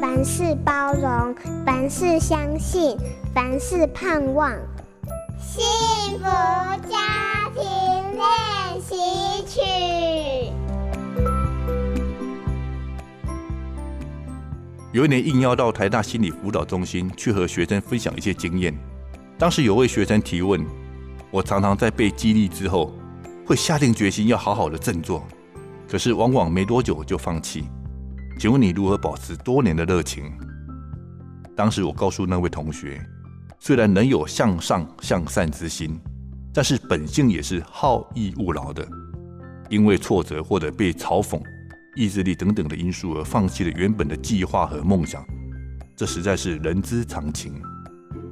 凡事包容，凡事相信，凡事盼望。幸福家庭練習曲。有一年應邀到台大心理輔導中心去和學生分享一些經驗，當時有位學生提問：“我常常在被激勵之後，會下定決心要好好的振作，可是往往沒多久就放棄。”請問你如何保持多年的熱情？當時我告訴那位同學，雖然能有向上向善之心，但是本性也是好逸惡勞的。因為挫折或者被嘲諷、意志力等等的因素而放棄了原本的計劃和夢想，這實在是人之常情。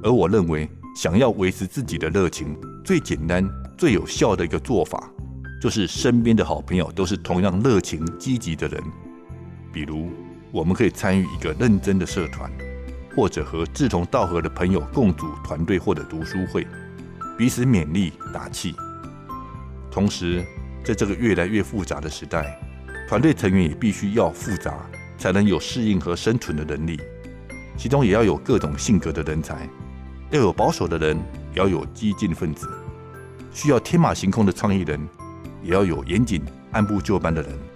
而我認為，想要維持自己的熱情，最簡單、最有效的一個做法，就是身邊的好朋友都是同樣熱情積極的人。比如，我們可以參與一個認真的社團，或者和志同道合的朋友共組團隊或者讀書會，彼此勉勵打氣。同時，在這個越來越複雜的時代，團隊成員也必須要複雜，才能有適應和生存的能力。其中也要有各種性格的人才，要有保守的人，也要有激進分子，需要天馬行空的創意人，也要有嚴謹按部就班的人。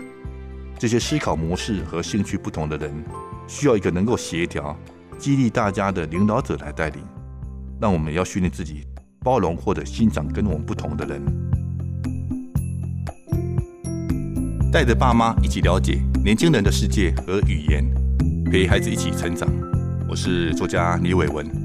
這些思考模式和興趣不同的人，需要一個能夠協調、激勵大家的領導者來帶領。讓我們要訓練自己包容或者欣賞跟我們不同的人，帶着爸媽一起了解年輕人的世界和語言，陪孩子一起成長。我是作家李偉文。